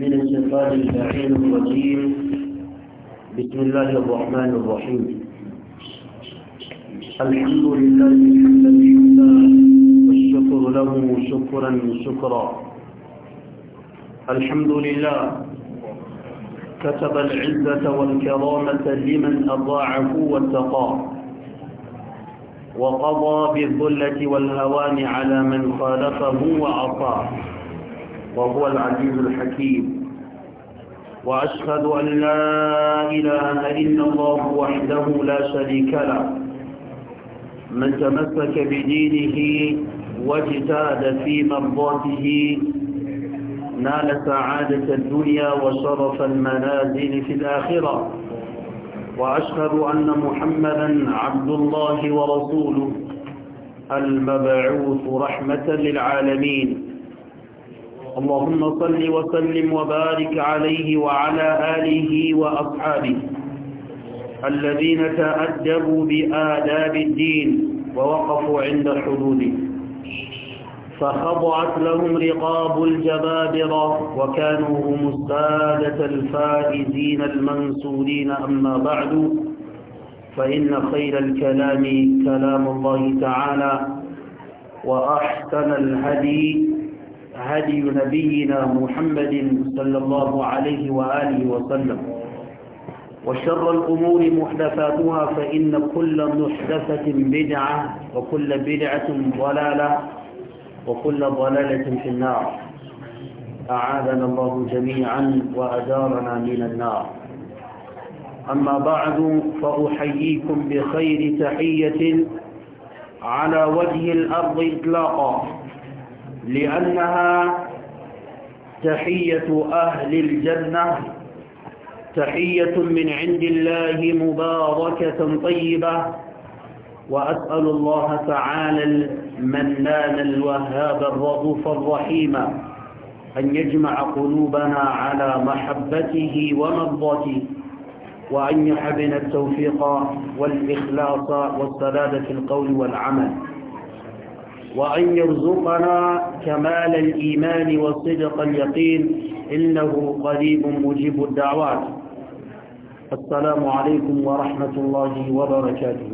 من الشيطان اللعين الرجيم بسم الله الرحمن الرحيم الحمد لله الذي حمدا والشكر له شكرا شكرا الحمد لله كتب العزة والكرامة لمن أطاعه واتقاه وقضى بالذلة والهوان على من خالفه وعصاه وهو العزيز الحكيم وأشهد أن لا إله إلا الله وحده لا شريك له من تمسك بدينه واجتهد في مرضاته نال سعادة الدنيا وشرف المنازل في الآخرة وأشهد أن محمدا عبد الله ورسوله المبعوث رحمة للعالمين اللهم صل وسلم وبارك عليه وعلى آله وأصحابه الذين تأدبوا بآداب الدين ووقفوا عند حدوده فخضعت لهم رقاب الجبابرة وكانوا هم السادة الفائزين المنصورين أما بعد فإن خير الكلام كلام الله تعالى وأحسن الهدي هدي نبينا محمد صلى الله عليه وآله وسلم وشر الأمور محدثاتها فإن كل محدثة بدعة وكل بدعة ضلالة وكل ضلالة في النار أعاذنا الله جميعا وأدارنا من النار أما بعد فأحييكم بخير تحية على وجه الأرض إطلاقا لأنها تحية أهل الجنة تحية من عند الله مباركة طيبة وأسأل الله تعالى المنان الوهاب الرؤوف الرحيم أن يجمع قلوبنا على محبته ومرضته وأن يحبنا التوفيق والإخلاص والسداد في القول والعمل وأن يرزقنا كمال الإيمان وصدق اليقين إنه قريب مجيب الدعوات السلام عليكم ورحمة الله وبركاته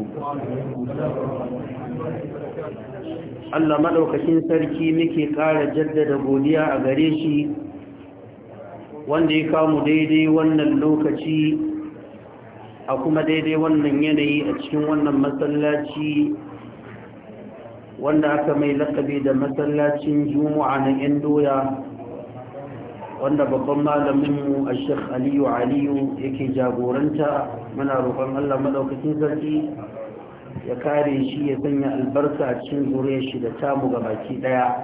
الله ملوكتين سركي مكي قال جدد بوليا أغريشي واندي كام ديدي وان اللوكتي أكما ديدي وان ينهي أتشن وان مسلاتي wanda aka mai lakabi da masallacin juma'a na yan doya wanda babban malaminmu a shek aliyu aliyu yake jagoranta muna roƙon allah maɗaukacin sarki ya kare shi ya sanya albarka a cikin zuriyar shi da tamu ga baki ɗaya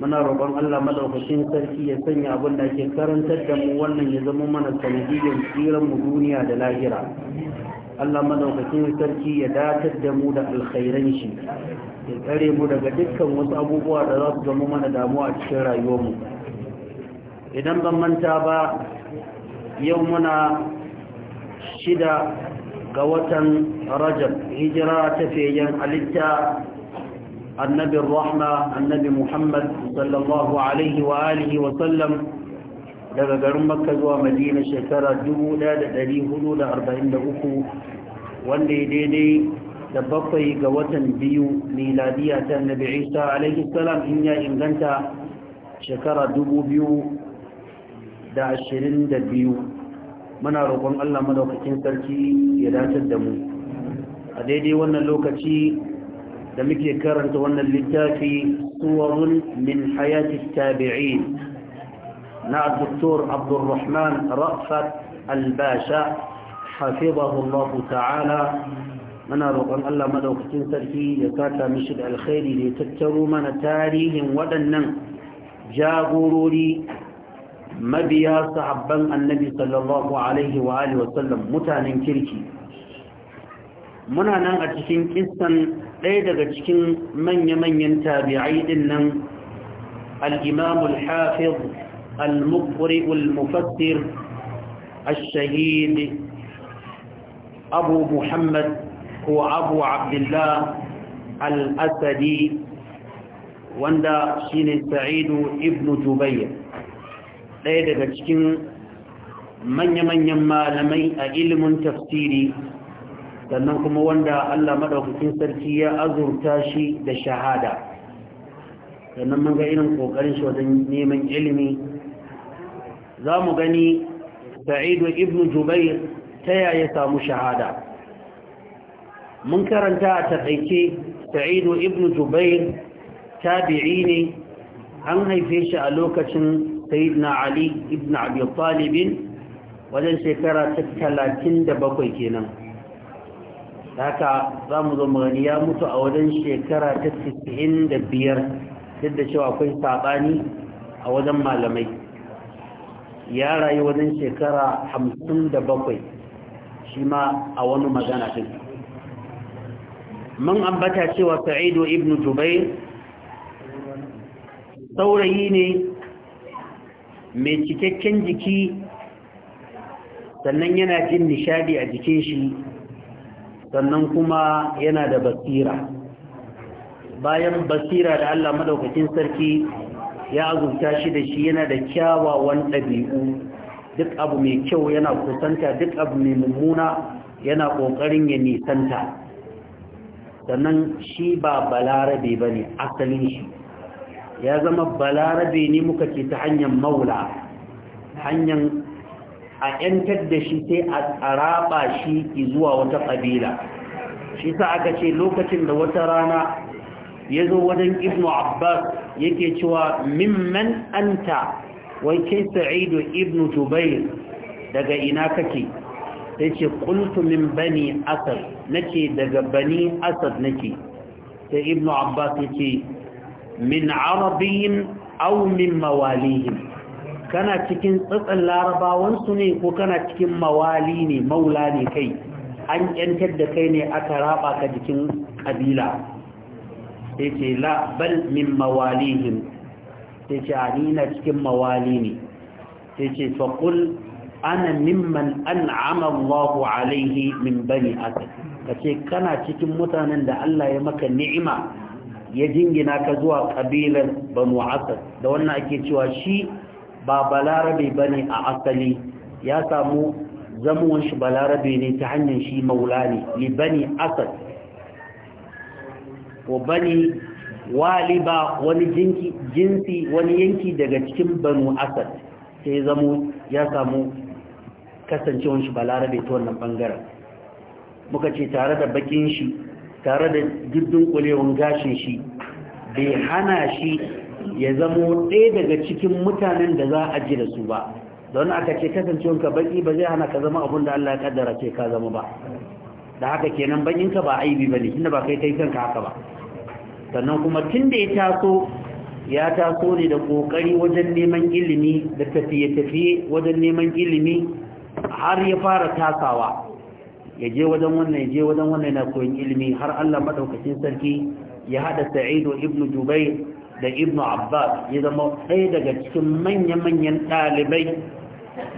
muna roƙon allah maɗaukacin sarki ya sanya abin da ke karantar da mu wannan ya zama mana sanadiyyar tsiran mu duniya da lahira Allah madaukakin sarki ya datar da mu da alkhairan shi ya tsare mu daga dukkan wasu abubuwa da za su zama mana damuwa a cikin rayuwarmu idan ban manta ba yau muna shida ga watan rajab hijira ta fayyan alitta annabin rahma annabi muhammad sallallahu alaihi wa alihi wa sallam daga garin makka zuwa madina shekara 1443 wanda ya daidai da bakwai ga watan biyu miladiya ta nabi isa alaihi in ya inganta shekara 2022 muna roƙon allah madaukakin sarki ya dace da mu a daidai wannan lokaci da muke karanta wannan littafi suwarun min hayati tabi'in na Dr. Abdulrahman Rafat Albasha hafizahullahu ta'ala muna roƙon Allah madaukakin sarki ya kata mishi da alkhairi da ya tattaro mana tarihin waɗannan jagorori mabiya sahabban annabi sallallahu alaihi wa alihi mutanen kirki muna nan a cikin isan ɗaya daga cikin manya-manyan tabi'ai din al-imam al المقرئ المفسر الشهيد أبو محمد ko abu عبد الله الأسدي وندا شين سعيد ابن جبير ɗaya daga cikin manya-manyan malamai a ilimin tafsiri sannan kuma wanda Allah maɗaukakin sarki ya azurta shi da shahada sannan mun ga irin ƙoƙarin shi wajen neman ilimi za mu gani sa'idu ibn jubair ta yaya samu shahada mun karanta a taƙaice sa'idu ibn jubair tabi'i ne an haife shi a lokacin na ali ibn abu talibin wajen shekara ta talatin da bakwai kenan haka za mu zo magani ya mutu a wajen shekara ta 95 duk da cewa akwai saɓani a wajen malamai ya rayu wajen shekara hamsin da bakwai shi ma a wani magana din mun ambata cewa sa'idu ibn jubair saurayi ne mai cikakken jiki sannan yana jin nishadi a jikin shi sannan kuma yana da basira bayan basira da Allah madaukakin sarki ya azurta shi da shi yana da kyawawan ɗabi'u duk abu mai kyau yana kusanta duk abu mai mummuna yana ƙoƙarin ya nisanta sannan shi ba balarabe ba ne asalin shi ya zama balarabe ne muka ce ta hanyar maula hanyar a ‘yantar da shi sai a tsaraba shi zuwa wata ƙabila shi sa aka ce lokacin da wata rana ya zo wajen ibnu abbas yake cewa mimman anta wai kai sa'idu ibnu jubair daga ina kake sai ce qultu min bani asad nake daga bani asad nake sai ibnu abbas yake min arabiyyin aw min mawalihim kana cikin tsatsan larabawansu ne ko kana cikin mawali ne maula ne kai an yantar da kai ne aka raba ka jikin kabila ce la bal min mawalihim ce ani na cikin mawali ne yace ce qul ana mimman an'ama Allahu alaihi min bani Ka ce kana cikin mutanen da Allah ya maka ni'ima ya jingina ka zuwa ƙabilar banu asad da wannan ake cewa shi ba balarabe ne a asali ya samu zamuwan shi balarabe ne ta hanyar shi maula ne libani asad wa wali ba wani jinsi wani yanki daga cikin banu asad sai zamo ya samu kasancewar shi Larabe ta wannan bangaren muka ce tare da bakin shi tare da giddin kulewar gashin shi bai hana shi ya zamo ɗaya daga cikin mutanen da za a ji da su ba don aka ce kasancewanka baki ba zai hana ka zama abin da Allah ya kaddara ce ka zama ba da haka kenan ka ba aibi ba ne inda ba kai kai kanka haka ba sannan kuma tun da ya taso ya taso ne da ƙoƙari wajen neman ilimi da tafiye-tafiye wajen neman ilimi har ya fara tasawa ya je wajen wannan ya je wajen wannan na koyon ilimi har Allah maɗaukacin sarki ya haɗa Sa'idu ibn Jubair da ibn Abbas ya zama ɗaya daga cikin manya-manyan ɗalibai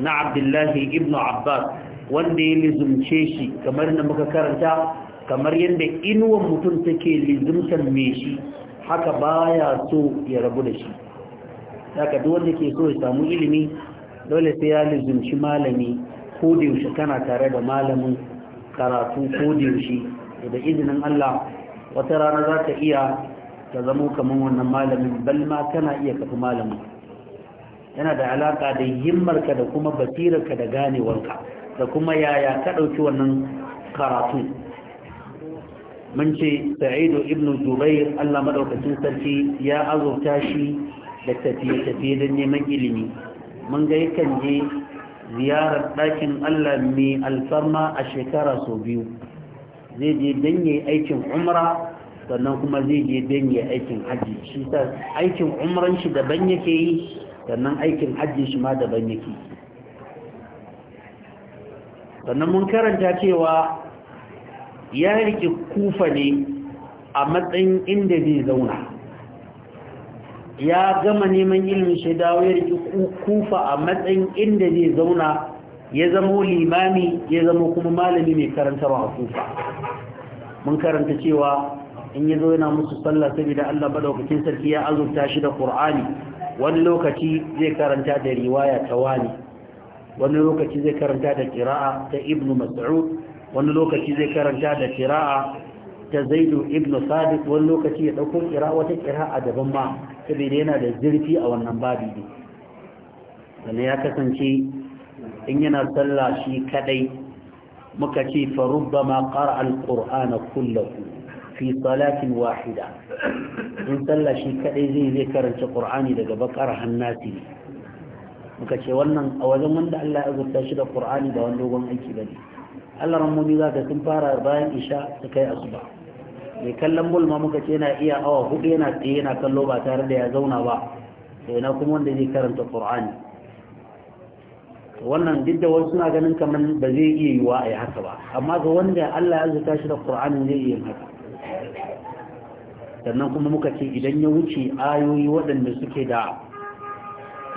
na Abdullahi Ibnu Abbas wanda ya lizumce shi kamar na muka karanta kamar yadda inuwan mutum take lizimtar mai shi haka baya so ya rabu da shi haka duk wanda ke so ya samu ilimi dole sai ya lizimci malami ko da yaushe kana tare da malamin karatu ko da yaushe da izinin Allah wata rana za ka iya ka zamo kamar wannan malamin bal ma kana iya kafi malamin yana da alaka da himmarka da kuma basirarka da ganewarka da kuma yaya ka ɗauki wannan karatu mun ce sa'idu Ibnu jubair Allah madaukakin sarki ya azurta shi da tafiye-tafiye don neman ilimi mun ga yakan je ziyarar ɗakin Allah mai alfarma a shekara sau biyu zai je don yi aikin umra sannan kuma zai je don yi aikin hajji shi ta aikin umran shi daban yake yi sannan aikin hajji shi ma daban yake sannan mun karanta cewa ya rike kufa ne a matsayin inda zai zauna ya gama neman ilimin shaidawa ya rike kufa a matsayin inda zai zauna ya zama limami ya zama kuma malami mai karantarwa a kufa mun karanta cewa in ya zo yana musu sallah saboda Allah wakilin sarki ya azurta shi da Qur'ani wani lokaci zai karanta da riwaya ta wani lokaci zai karanta da qira'a ta ibnu Mas'ud wani lokaci zai karanta da kira'a ta zaidu ibn sadiq wani lokaci ya ɗauko kira wata kira'a daban ma saboda yana da zurfi a wannan babi ne sannan ya kasance in yana sallah shi kadai muka ce fa rubbama qara al kullahu fi salatin wahida in sallah shi kadai zai zai karanta qur'ani daga bakar hannati muka ce wannan a wajen wanda Allah ya azurta shi da qur'ani ba wani dogon aiki bane allaran rammomi za ka sun fara bayan isha su kai asuba mai kallon bol ma muka ce yana iya awa hudu yana tsaye yana kallo ba tare da ya zauna ba sai na kuma wanda zai karanta qur'ani wannan duk da wasu suna ganin kamar ba zai iya yiwa a yi haka ba amma ga wanda Allah ya zuta shi da qur'anin zai iya haka sannan kuma muka ce idan ya wuce ayoyi waɗanda suke da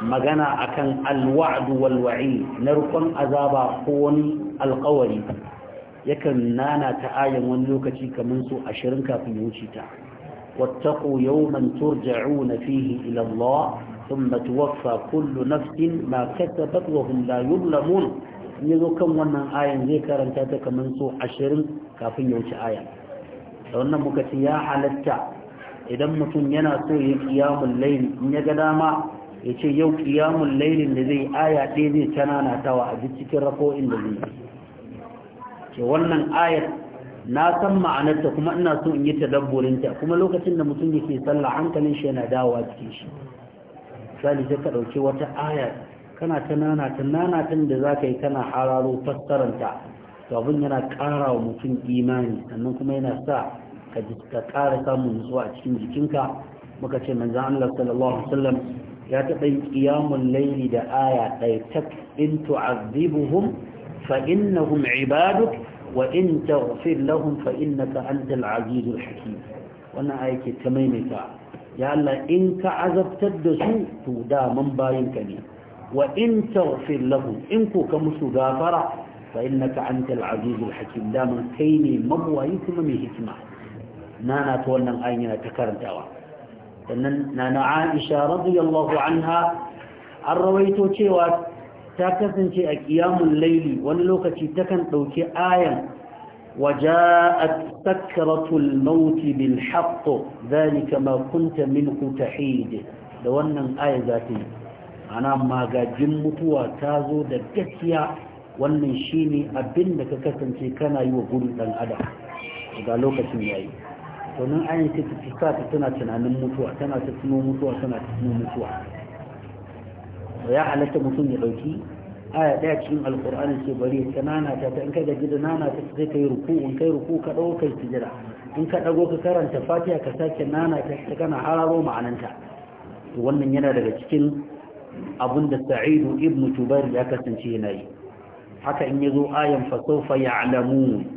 magana akan alwa'du wal na rukun azaba ko wani alƙawari yakan nana ta ayan wani lokaci kamar su ashirin kafin ya wuce ta wattaku yawman turja'una fihi ilallah Allah thumma tuwaffa kullu nafsin ma kasabat wa la yuzlamun in yazo kan wannan ayan zai karanta ta kamar su ashirin kafin ya wuce aya da wannan muka ce ya halatta idan mutum yana so ya qiyamul layl in ya ga dama ya ce yau ƙiyamun lailin da zai aya ɗaya zai canana tawa a cikin rako'in da zai ce wannan ayar na san ma'anarta kuma ina so in yi tadabburinta kuma lokacin da mutum yake sallah hankalin shi yana dawowa cikin shi sai ka ɗauki wata aya kana ta nanata tun da za ka yi kana hararo fassaranta to abin yana ƙara wa mutum imani sannan kuma yana sa ka ƙara samun nutsuwa a cikin jikinka muka ce manzan Allah sallallahu alaihi wasallam ya taɓa yin ƙiyamun laili da aya ɗaya tak in tu'azzibuhum fa innahum ibaduk wa in taghfir lahum fa innaka antal azizul hakim wannan aya ke ta maimaita ya Allah in ka azabtar da su to da man bayinka ne wa in taghfir lahum in ko ka musu gafara fa innaka antal azizul hakim da man kai ne mabwayi kuma mai hikima nana ta wannan ayin yana ta karantawa sannan na na'aisha radiyallahu anha an rawaito cewa ta kasance a ƙiyamun laili wani lokaci takan ɗauki ayan وجاءت سكرة الموت بالحق ذلك ما كنت منه تحيد da wannan aya za ana magajin mutuwa ta zo da gaskiya wannan shine abin da ka kasance kana yi wa gurin dan adam ga lokacin yayi domin ayin ce ta sa ta tana tunanin mutuwa tana ta tuno mutuwa tana ta tuno mutuwa ya halatta mutum ya dauki aya daya cikin alƙur'ani ce bari ta nana ta ta in kai gaji da nana ta sai kai ruku in kai ruku ka ɗago kai sujira in ka dago ka karanta fatiha ka sake nana ta ta kana hararo ma'ananta to wannan yana daga cikin abun da sa'idu ibnu jubair ya kasance yana yi haka in yazo ayan fa sawfa ya'lamun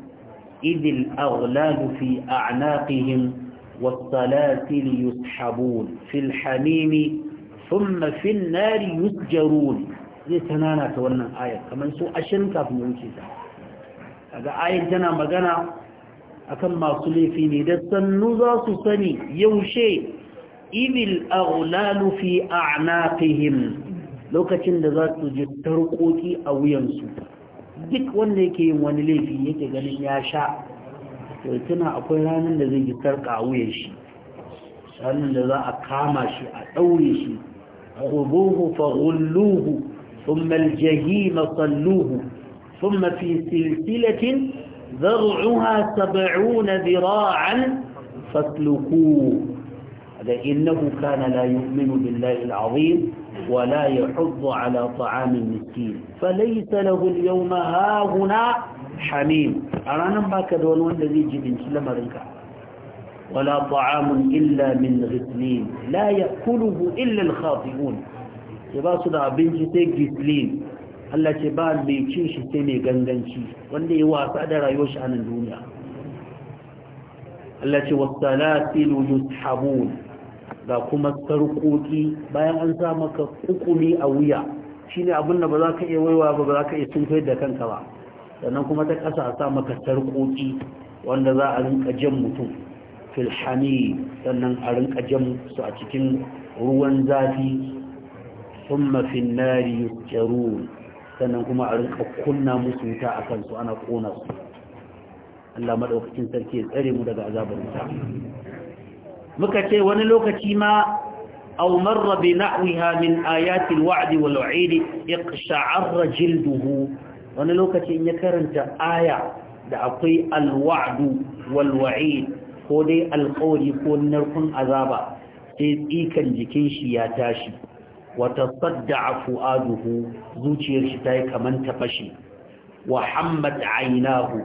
إذ الأغلال في أعناقهم والسلاسل يسحبون في الحميم ثم في النار يسجرون zai tanana ta wannan ayar kamar su ashirin kafin wuce ta daga ayar tana magana akan masu laifi ne da sannu za su sani yaushe ibil aghlalu fi a'naqihim lokacin da za su ji tarkoki a wuyansu duk wanda yake yin wani laifi yake ganin ya sha to tuna akwai ranar da zai gitar kawuye shi ranar da za a kama shi a daure shi khuduhu fa ghulluhu thumma al-jahima salluhu thumma fi silsilatin dhar'uha 70 dhira'an fasluquhu ada innahu kana la yu'minu billahi al-'azim ولا يحض على طعام المسكين فليس له اليوم هاهنا حميم أرانا باك دون والذي جبن سلم رنكا ولا طعام إلا من غسلين لا يأكله إلا الخاطئون يباس دا بنجي تي غسلين الله تبان بيكين شتيني غنغنشي واللي يواس أدرى يوش عن الدنيا التي والسلاسل يسحبون ga kuma sarƙoƙi bayan an sa maka hukumi a wuya shine abin da ba za ka iya waiwa ba ba za ka iya tunkar da kanka ba sannan kuma ta kasa a sa maka sarƙoƙi wanda za a rinka jan mutum filhani sannan a rinka jan su a cikin ruwan zafi sun mafin nari sannan kuma a rinka kunna musu wuta a kansu ana kona su Allah maɗaukacin sarki ya tsare mu daga azabar wuta muka ce wani lokaci ma au marra bi na'wiha min ayatil wa'd wal wa'id yaqsha'arra jilduhu wani lokacin ya karanta aya da akwai al wa'd wal ko dai al qawli ko narkun azaba sai tsikan jikin shi ya tashi wa tasadda'a fu'aduhu zuciyar shi tayi kaman ta fashi wa hammat 'aynahu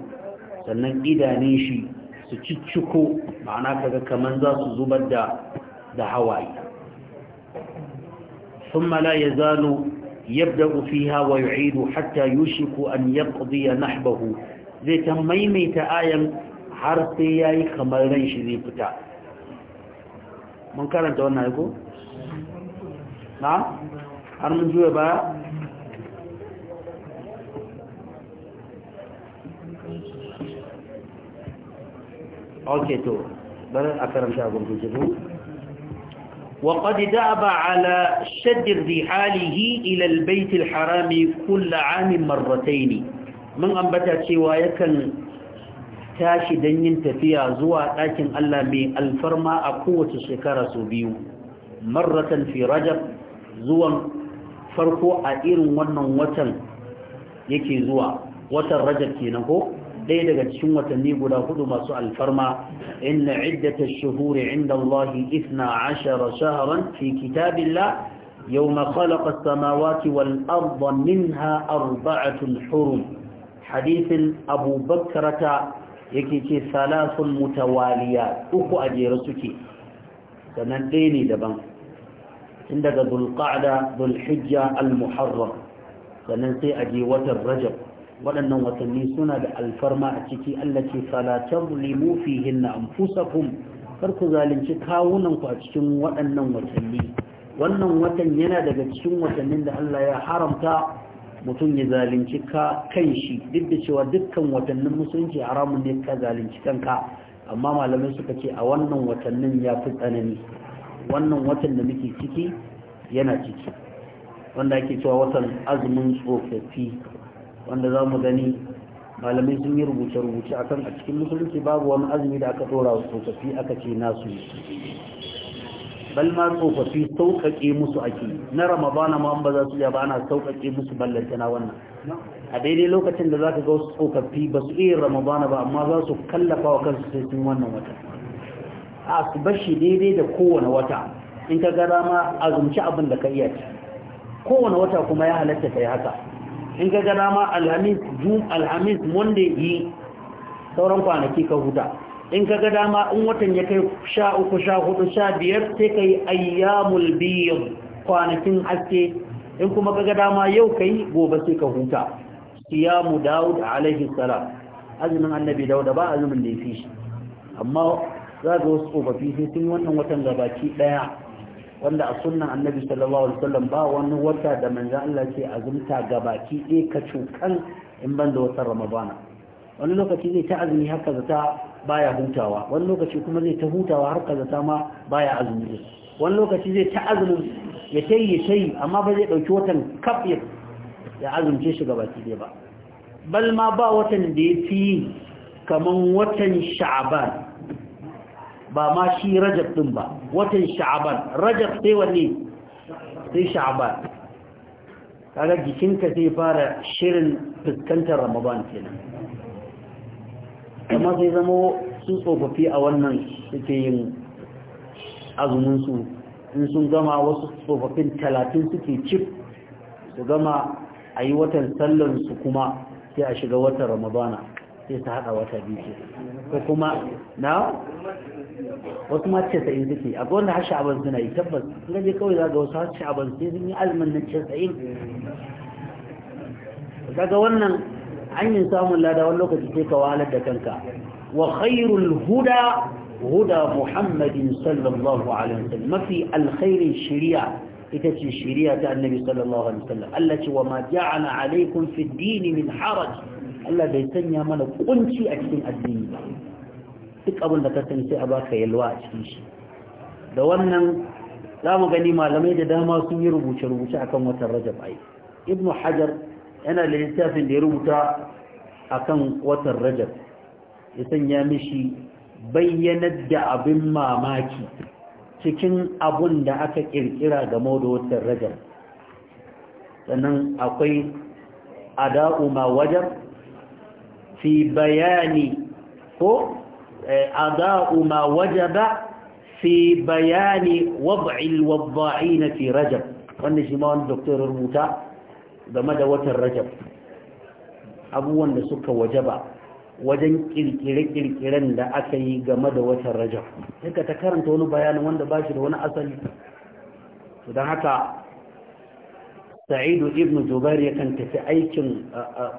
sannan idanin shi su cicciko ma'ana kaga kamar za su zubar da da hawaye sun mala ya zano yadda ofi hawa ya ido hatta yushiku an ya ƙudu ya nahbahu zai ta maimaita ayan har sai ya yi kamar ran shi zai fita mun karanta wannan aiko? baya? ok to bari a karanta gurguje mu وقد دعب على شد رحاله إلى البيت الحرام كل عام مرتين من أنبتا cewa yakan tashi don yin tafiya zuwa ɗakin Allah mai alfarma a kowace shekara sau biyu marratan fi rajab farko a irin wannan watan yake zuwa watan rajab kenan ko ɗaya daga cikin watanni guda hudu masu alfarma inna iddata shuhuri inda Allah isna ashara shaharan fi kitabillah yau khalaqa as-samawati wal arda minha arba'atun hurum hadithin Abu Bakrata yake ce salasun mutawaliya uku a jere suke sannan ɗaya ne daban tun daga dhulqa'da dhulhijja al-muharram sannan sai a je watan Rajab waɗannan watanni suna da alfarma a ciki Allah ce falatar limu fihin na amfusakum kar ku zalunci kawunanku a cikin waɗannan watanni wannan watan yana daga cikin watannin da Allah ya haramta mutum ya zalunci ka kan shi duk da cewa dukkan watannin musulunci haramun ne ka zalunci kanka amma malamai suka ce a wannan watannin ya fi tsanani wannan watan da muke ciki yana ciki wanda ake cewa watan azumin tsofaffi wanda za mu gani malamai sun yi rubuce-rubuce akan a cikin musulunci babu wani azumi da aka ɗora wa tsofaffi aka ce nasu bal ma tsofaffi sauƙaƙe musu ake na ramadana ma ba za su iya ba ana sauƙaƙe musu ballantana wannan a daidai lokacin da za ka ga wasu tsofaffi ba su iya ramadana ba amma za su kallafa wa kansu sai sun wannan wata a su bashi daidai da kowane wata in ka ga dama azumci abin da ka iya ci kowane wata kuma ya halatta ka yi haka in ka ga dama alhamis jum alhamis monday yi sauran kwanaki ka huta in ka ga dama in watan ya kai sha uku sha hudu sha biyar sai ka yi ayyamul biyu kwanakin haske in kuma ka ga dama yau ka yi gobe sai ka huta siyamu dawud alaihi salam azumin annabi Dauda ba azumin da ya fi shi amma za ga wasu tsofaffi sai sun wannan watan gabaki daya wanda a sunnan annabi sallallahu alaihi wasallam ba wani wata da manzo Allah ke azumta gabaki ɗaya ka cukan in ban da watan ramadana wani lokaci zai ta azumi har ka zata baya hutawa wani lokaci kuma zai ta hutawa har ka ta ma baya azumi wani lokaci zai ta azumin ya tayi ya shayi, amma ba zai ɗauki watan kaf ya azumce shi gabaki ɗaya ba bal ma ba watan da ya fi kaman watan sha'aban ba ma shi rajab ɗin ba watan sha'aban rajab sai wanne sai sha'aban kaga jikinka zai fara shirin fuskantar ramadan kenan amma sai zama su tsofaffi a wannan suke yin azuminsu in sun gama wasu tsofaffin talatin suke cif su gama a yi watan sallansu kuma sai a shiga watan ramadana sai su haɗa wata biyu ko kuma na wasu ma casa'in suke a wanda har sha'aban suna yi tabbas sun je kawai za ga wasu har sha'aban sai sun yi azumin nan casa'in daga wannan hanyar samun lada wani lokaci sai ka wahalar da kanka wa khairul huda huda muhammadin sallallahu alaihi wasallam mafi alkhairin shari'a ita ce shari'a ta annabi sallallahu alaihi wasallam Allah ce wa ma ja'ala alaikum fid din min haraj Allah bai sanya mana kunci a cikin addini ba duk abin da ka sani sai a baka yalwa a cikin shi da wannan za mu gani malamai da dama sun yi rubuce-rubuce akan watan rajab ai ibn hajar yana da littafin da ya rubuta akan watan rajab ya sanya mishi bayyanar da abin mamaki cikin abun da aka kirkira ga da watan rajab sannan akwai ada'u ma wajar fi bayani ko ada'u ma wajaba fi bayani wad'il na fi rajab wannan shi ma wani rubuta game da watan rajab abubuwan da suka wajaba wajen kirkire-kirkiren da aka yi game da watan rajab duka ta karanta wani bayanin wanda ba shi da wani asali da haka sa'idu ibnu jubair yakan tafi aikin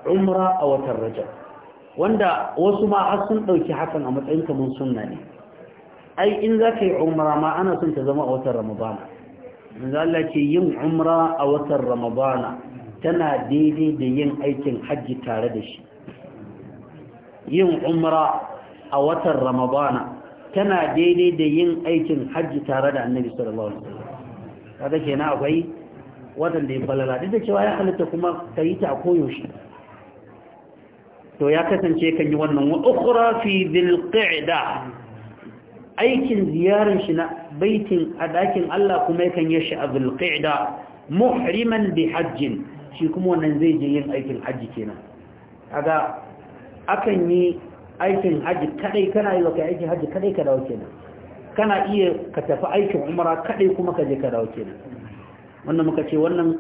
umra a watan rajab wanda wasu ma har sun ɗauki hakan a matsayin kamar sunna ne ai in zaka yi umra ma ana son ta zama a watan ramadana manzo Allah ce yin umra a watan ramadana tana daidai da yin aikin hajji tare da shi yin umra a watan ramadana tana daidai da yin aikin hajji tare da annabi sallallahu alaihi wasallam kada kenan akwai wadanda ya falala duk da cewa ya halitta kuma ka yi ta a koyaushe to ya kasance kan yi wannan wa ukhra fi dhil qa'da aikin ziyarar shi na baitin a dakin Allah kuma yakan yi shi a dhil qa'da muhriman bi hajjin shi kuma wannan zai je yin aikin haji kenan kaga akan yi aikin haji kadai kana yi wa kai aikin haji kadai ka dawo kenan kana iya ka tafi aikin umara kadai kuma ka je ka dawo kenan wannan muka ce wannan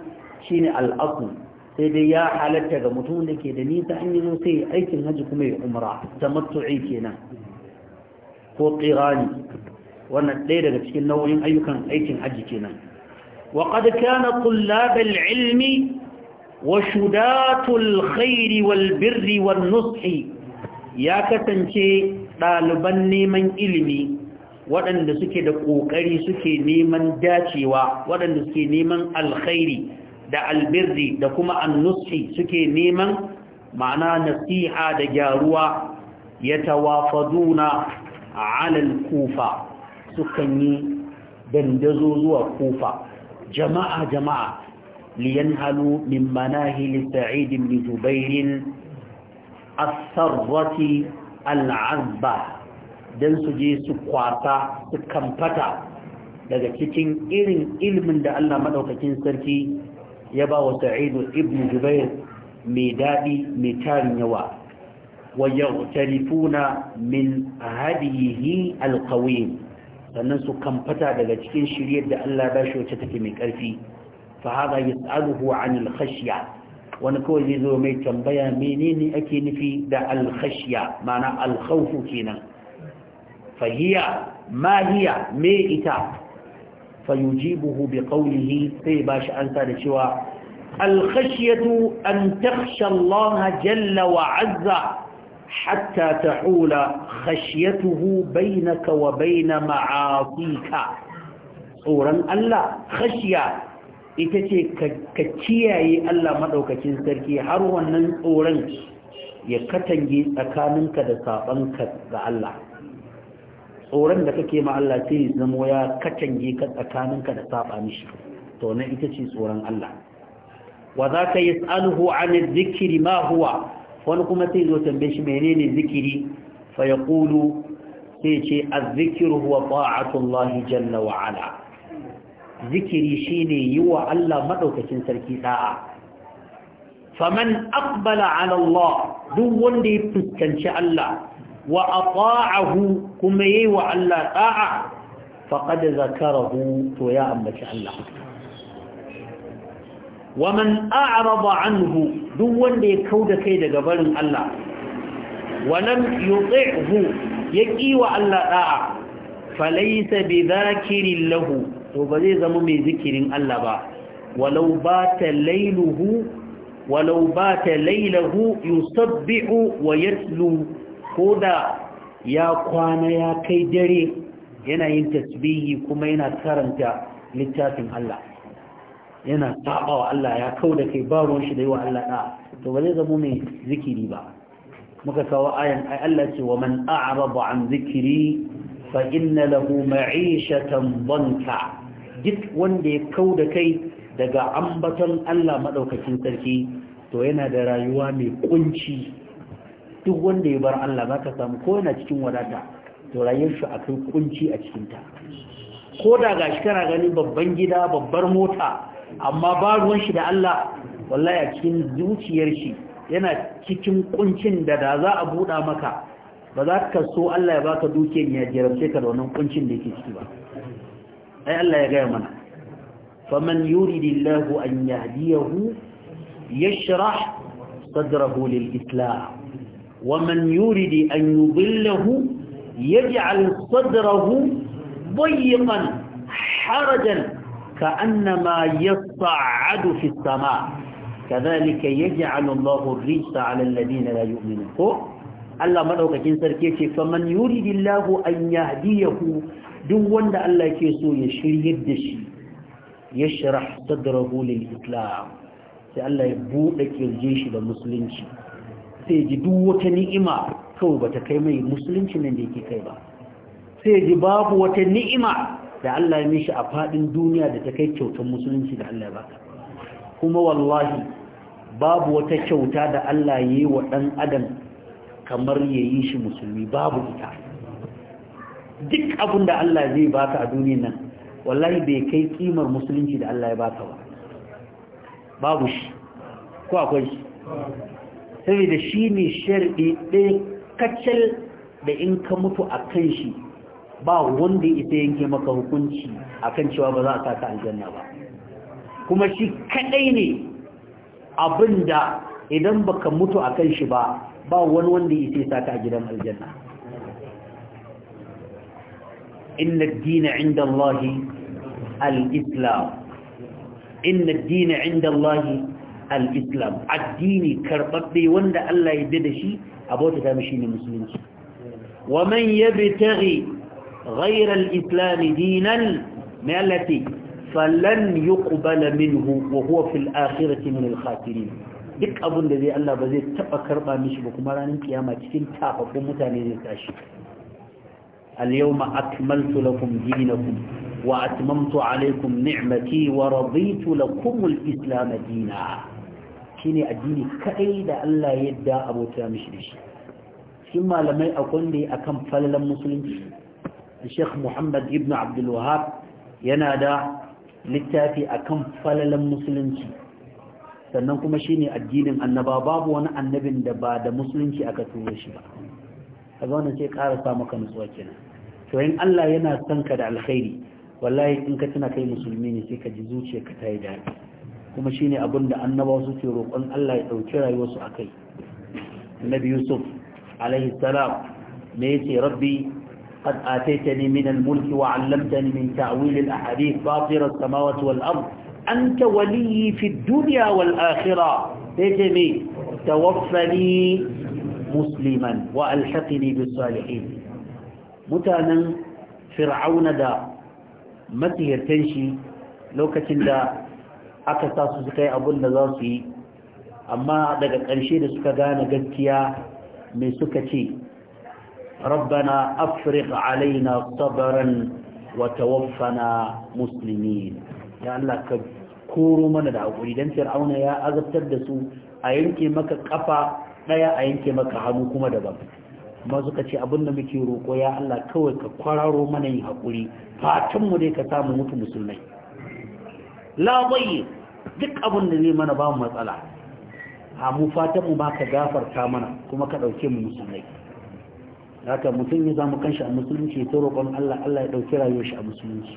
shine al-asl sai dai ya halatta ga mutum da ke da nisa an yi zo sai aikin hajji kuma ya umra tamattu'i kenan ko qirani wannan ɗaya daga cikin nau'in ayyukan aikin hajji kenan wa qad kana tullab ilmi wa shudatul khairi wal birri wan nushi ya kasance ɗaliban neman ilimi waɗanda suke da ƙoƙari suke neman dacewa waɗanda suke neman alkhairi da albirri da kuma annusi suke neman ma'ana nasiha da gyaruwa ya tawafaduna alal kufa sukan yi dandazo zuwa kufa jama'a jama'a liyanhalu min manahil sa'id ibn jubair as al-azba dan su je su kwasa, su kamfata daga cikin irin ilmin da Allah maɗaukacin sarki ya ba wa sa'idu ibn jubair mai daɗi mai tarin yawa wayartarifuna min hadihi alqawim sannan su kamfata daga cikin shiryar da Allah ba shi wacce take mai ƙarfi fa hada yas'aluhu an alkhashya wani kawai zai zo mai tambaya menene ake nufi da alkhashya ma'ana alkhawfu kenan fahiya ma hiya me ita فيجيبه بقوله في باش أنت لشوا الخشية أن تخشى الله جل وعز حتى تحول خشيته بينك وبين معاصيك tsoron Allah khashiya ita ce ka kiyaye Allah maɗaukacin sarki har wannan tsoron ya katange tsakaninka da saɓanka ga Allah tsoron da kake ma Allah sai ya zamo ya katange ka tsakaninka da saba mishi to nan ita ce tsoron Allah wa za ka yi tsanuhu an zikiri ma huwa wani kuma sai zo tambaye shi menene zikiri fa ya kulu sai ce azzikiru huwa ta'atullahi jalla wa ala zikiri shine yi wa Allah madaukakin sarki ɗa'a faman aqbala ala Allah duk wanda ya fuskanci Allah wa ata'ahu kuma yayi wa Allah ta'a faqad zakarahu to ya ambaci Allah wa man a'rada anhu duk wanda ya kauda kai daga barin Allah wa lam yuti'hu yaqi wa Allah da'a falaysa bidhakirin lahu to ba zai zama mai zikirin Allah ba walau bata lailuhu walau bata lailahu yusabbihu wa yatlu ko da ya kwana ya kai dare yana yin tasbihi kuma yana karanta littafin Allah yana saba wa Allah ya kau da kai ba shi da yawa wa Allah da to ba zai zama mai zikiri ba muka kawo ayan ai Allah ce wa man a'rada an zikiri fa inna lahu ma'ishatan danka duk wanda ya kau da kai daga ambaton Allah madaukakin sarki to yana da rayuwa mai kunci duk wanda ya bar Allah za ka samu ko yana cikin wadata to rayuwar shi akwai kunci a cikin ta ko da gashi kana gani babban gida babbar mota amma ba ruwan shi da Allah wallahi a cikin zuciyar shi yana cikin kuncin da da za a buɗa maka ba za ka so Allah ya baka dukiyar ya jarabce ka da wannan kuncin da yake ciki ba ai Allah ya gaya mana faman yuridillahu an yahdiyahu yashrah sadrahu lil islam ومن يريد أن يضله يجعل صدره ضيقا حرجا كأنما يصعد في السماء كذلك يجعل الله الرجس على الذين لا يؤمنون الله مدعوك كنسر كيشي فمن يريد الله أن يهديه دون الله كيسو يشري يدش يشرح صدره للاسلام سأل الله يبوء لك يجيش للمسلمين sai ji duk wata ni'ima kawai bata kai mai musulunci nan da yake kai ba sai ji babu wata ni'ima da Allah ya mishi a fadin duniya da ta kai kyautar musulunci da Allah ya baka kuma wallahi babu wata kyauta da Allah ya yi wa dan adam kamar ya yi shi musulmi babu ita duk abin da Allah zai baka a duniya nan wallahi bai kai kimar musulunci da Allah ya baka ba babu shi ko akwai shi saboda shi ne sharɗi kacal da in ka mutu a kan shi ba wanda isa yanke maka hukunci a kan cewa ba za a sa aljanna ba kuma shi kaɗai ne abinda idan idan baka mutu a kan shi ba ba wani wanda ya isa a gidan aljanna inna dina inda Allahi al-islam inna dina inda Allahi al-islam addini karɓaɓɓe wanda Allah ya da shi a bauta ta mishi ne musulunci wa man bi ghayra al-islam dinan ma allati falan yuqbala minhu wa huwa fil akhirati min al duk abin da zai Allah ba zai taba karba mishi ba kuma ranar kiyama cikin tafaffun mutane zai tashi al wa akmaltu lakum dinakum وأتممت عليكم نعمتي ورضيت لكم الإسلام دينا shine addini kadai da Allah ya yadda abota mishi da shi shin malamai akwai ne akan falalan musulunci Sheikh Muhammad ibn Abdul yana da littafi akan falalan musulunci sannan kuma shine addinin annaba babu wani annabin da ba da musulunci aka turo shi ba kaga wannan sai ƙara sa maka nutsuwa kenan to in Allah yana son ka da alkhairi wallahi in ka tuna kai musulmi ne sai ka ji zuciyarka ta yi daɗi kuma shine abin da annabawa suke roƙon Allah ya ɗauki rayuwarsu a kai annabi yusuf alaihi salam ne yace rabbi قد آتيتني من الملك وعلمتني من تأويل الأحاديث فاطر السماوات والأرض أنت ولي في الدنيا والآخرة تجمي توفني مسلما وألحقني بالصالحين متانا فرعون دا مسير تنشي لو كتن دا aka sa su suka yi abin da za su yi amma daga ƙarshe da suka gane gaskiya mai suka ce rabbana Afirik alaina sabaran wata wafana musulmi ya Allah ka koro mana da hakuri dan fir'auna ya azabtar da su a yanke maka ƙafa ɗaya, a yanke maka hannu kuma daban amma suka ce abin da muke roƙo ya Allah kawai ka kwararo mana yin haƙuri. Fatanmu dai ka samu mutu musulmai la duk abin da zai mana ba matsala a mu fatan mu baka ka gafarta mana kuma ka dauke mu musulmai haka mutum ya zama kanshi a musulunci ta roƙon Allah Allah ya dauki rayuwar shi a musulunci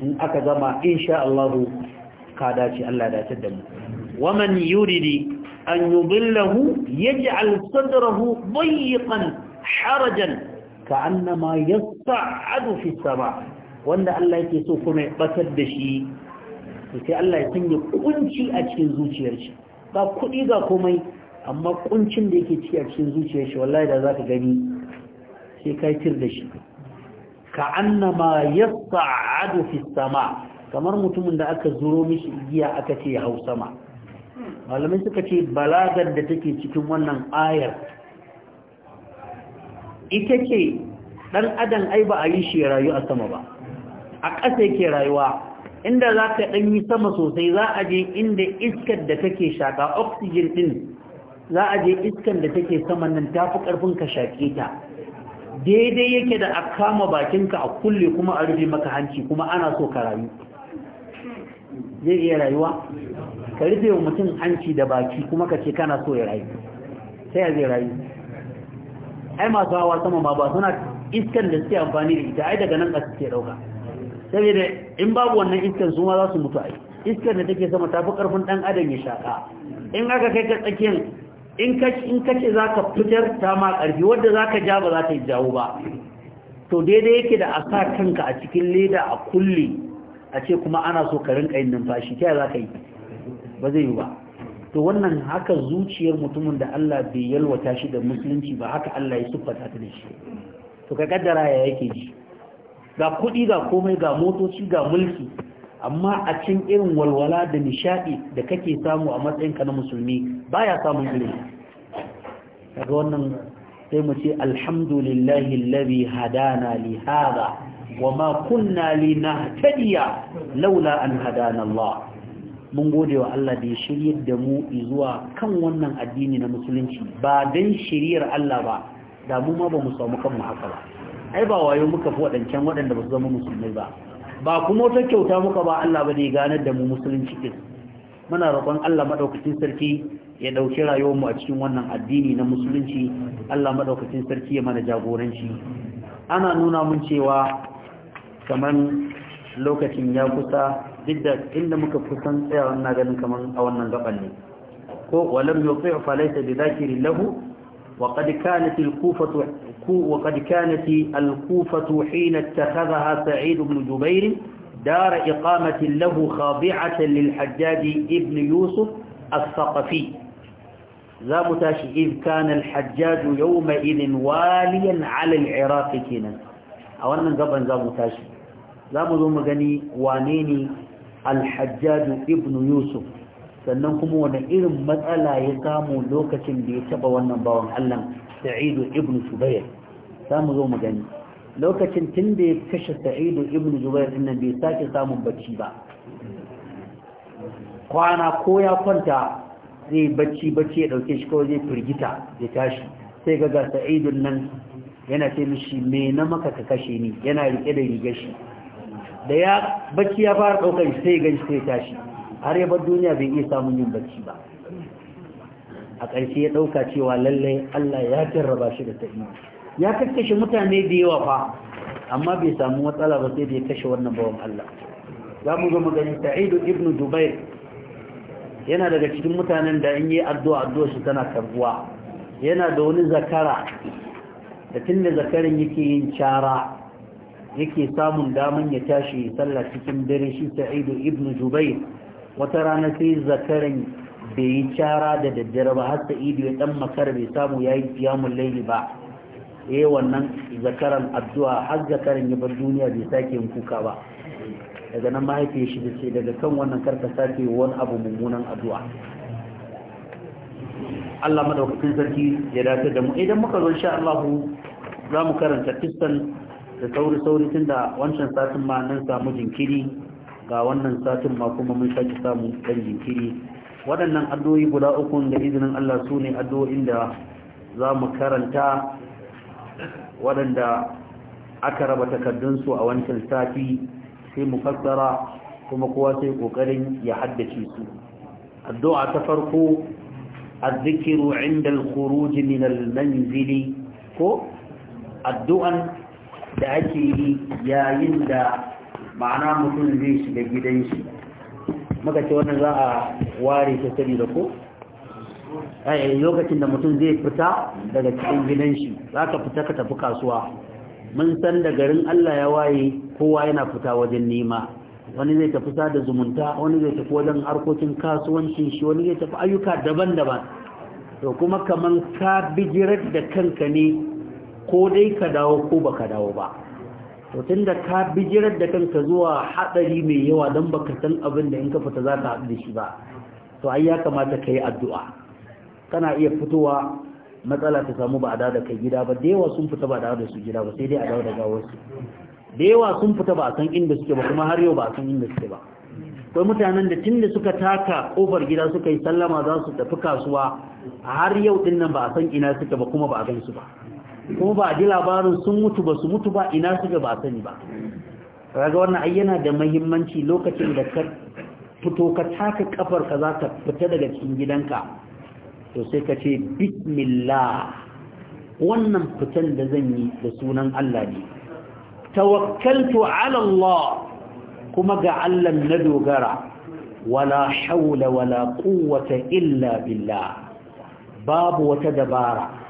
in aka gama insha Allah ka dace Allah ya dace da mu waman yuridi an yudillahu yaj'al sadrahu dayyqan harajan ka'annama yas'adu fi sama wanda Allah yake so kuma ya batar da shi to sai Allah ya sanya kunci a cikin zuciyar shi ba kuɗi ga komai amma kuncin da yake ciki a cikin zuciyar shi wallahi da zaka gani sai kai tir da shi ka annama yas'adu fi sama kamar mutumin da aka zuro mishi igiya aka ce hau sama malamai suka ce balagar da take cikin wannan ayar ita ce dan adam ai ba a yi shi rayu a sama ba a ƙasa yake rayuwa inda za ka ɗanyi sama sosai za a je inda iskar da take shaƙa oxygen ɗin za a je iskar da take saman nan ta fi ƙarfin ka shaƙe ta daidai yake da a kama bakinka a kulle kuma a rufe maka hanci kuma ana so ka rayu zai iya rayuwa ka rufe wa mutum hanci da baki kuma ka ce kana so ya rayu sai ya zai rayu ai masu hawa sama ma ba suna iskar da suke amfani da ita ai daga nan ka suke ɗauka saboda in babu wannan iskar su ma za su mutu ai iskar da take sama tafi karfin dan adam ya shaka in aka kai ka tsakiyar in ka in kace zaka fitar ta ma karfi wanda zaka ja ba za ta jawo ba to daidai yake da asa kanka a cikin leda a kulle a ce kuma ana so ka rinka yin numfashi ta za ka yi ba zai yi ba to wannan haka zuciyar mutumin da Allah bai yalwata shi da musulunci ba haka Allah ya siffata ta da shi to ka kaddara ya yake ji ga kuɗi ga komai ga motoci ga mulki amma a cin irin walwala da nishaɗi da kake samu a matsayinka na musulmi baya samun ilimi. daga wannan sai mu ce alhamdulillahi alladhi hadana li hada wa ma kunna linahtadiya laula an hadana Allah mun gode wa Allah da ya shiryar da mu zuwa kan wannan addini na musulunci ba dan shiryar Allah ba da mu ma ba mu samu kanmu haka ba ai ba wayo muka fi waɗancan waɗanda ba su zama musulmai ba ba kuma wata kyauta muka ba Allah ba ne ganar da mu musulunci din muna roƙon Allah madaukakin sarki ya ɗauki rayuwar mu a cikin wannan addini na musulunci Allah madaukakin sarki ya mana jagoranci ana nuna mun cewa kaman lokacin ya kusa duk da inda muka kusan tsayawa na ganin kamar a wannan gaban ne ko walam yuti fa bi lahu wa qad kanat kufatu وقد كانت الكوفة حين اتخذها سعيد بن جبير دار إقامة له خاضعة للحجاج ابن يوسف الثقفي ذا متاشي إذ كان الحجاج يومئذ واليا على العراق كنا أولا قبل ذا متاشي ذا مذومغني وانيني الحجاج ابن يوسف sannan kuma wani irin matsala ya samu lokacin da ya taba wannan bawan Allah sa'idu ibn jubair samu zo mu gani lokacin tun da ya kashe sa'idu ibn jubair din nan bai sake samun bacci ba kwana ko ya kwanta zai bacci baci ya dauke shi kawai zai firgita ya tashi sai ga ga sa'idun nan yana ce mishi me na maka ka kashe ni yana rike da rigar da ya bacci ya fara daukar sai gan ya tashi har ya duniya bai iya samun yin bacci ba a ƙarshe ya ɗauka cewa lallai Allah ya jarraba shi da ta'ima ya kakkashe mutane da yawa fa amma bai samu matsala ba sai da ya kashe wannan bawan Allah za mu zo mu gani sa'idu ibnu jubair yana daga cikin mutanen da in yi addu'a addu'a shi tana karbuwa yana da wani zakara da tunda zakarin yake yin cara yake samun daman ya tashi sallah cikin dare shi sa'idu ibnu jubair wata rana sai zakarin bai yi cara da daddare ba har sa'idu ya dan makar bai samu ya yi kiyamun laili ba eh wannan zakaran addu'a har zakaran ya bar duniya bai sake yin kuka ba daga nan mahaifiyar shi da ce daga kan wannan karka sake wani abu mummunan addu'a Allah madaukakin sarki ya dace da mu idan muka zo insha Allah za mu karanta tisan da sauri sauri tunda wancan satin ma nan samu jinkiri ga wannan satin ma kuma mun sake samu dan jinkiri waɗannan addu'o'i guda uku da izinin Allah su ne addu'o'in da za mu karanta waɗanda aka raba takardunsu a wancan safi sai mu fassara kuma kowa sai ƙoƙarin ya haddace su addu'a ta farko azzikiru inda al-khuruj min al-manzili ko addu'an da ake yi yayin da ma'ana mutum zai shiga gidan shi maka ce wannan za a ware ta sabi da ko lokacin da mutum zai fita daga cikin gidan shi za ka fita ka tafi kasuwa mun san da garin Allah ya waye kowa yana fita wajen nema wani zai tafi sada zumunta wani zai tafi wajen harkokin kasuwancin shi wani zai tafi ayyuka daban-daban to kuma kaman ka bijirar da kanka ne ko dai ka dawo ko baka dawo ba to tunda ka bijirar da kanka zuwa hadari mai yawa don baka san abin da in ka fita za ka haɗu da shi ba to ai ya kamata ka yi addu'a kana iya fitowa matsala ta samu ba a da kai gida ba da yawa sun fita ba a da su gida ba sai dai a dawo da gawarsu da yawa sun fita ba a san inda suke ba kuma har yau ba a san inda suke ba akwai mutanen da tun da suka taka kofar gida suka yi sallama za su tafi kasuwa har yau din nan ba a san ina suke ba kuma ba a gan su ba kuma ba a ji labarin sun mutu ba su mutu ba ina suka ba sani ba raga wannan ayyana da mahimmanci lokacin da ka fito ka taka kafar ka za ka fita daga cikin gidanka to sai ka ce bismillah wannan fitan da zan yi da sunan Allah ne tawakkaltu ala Allah kuma ga Allah na dogara wala haula wala quwwata illa billah babu wata dabara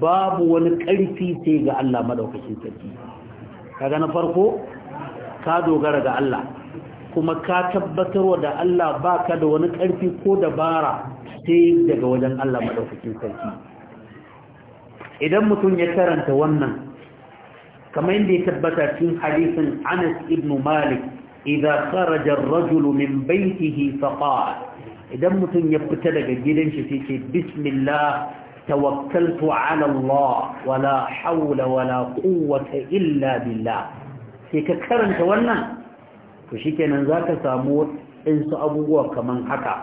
babu wani ƙarfi sai ga Allah maɗaukacin sarki kaga na farko ka dogara ga Allah kuma ka tabbatarwa da Allah baka da wani ƙarfi ko dabara sai daga wajen Allah maɗaukacin sarki idan mutum ya karanta wannan kamar yadda ya tabbata cikin hadisin Anas ibn Malik idza kharaja ar-rajulu min baytihi faqala idan mutum ya fita daga gidan shi sai ce bismillah توكلت على الله ولا حول ولا قوة إلا بالله في ككرا تولنا وشيك ننزاك سامور انس أبوه كمن حكا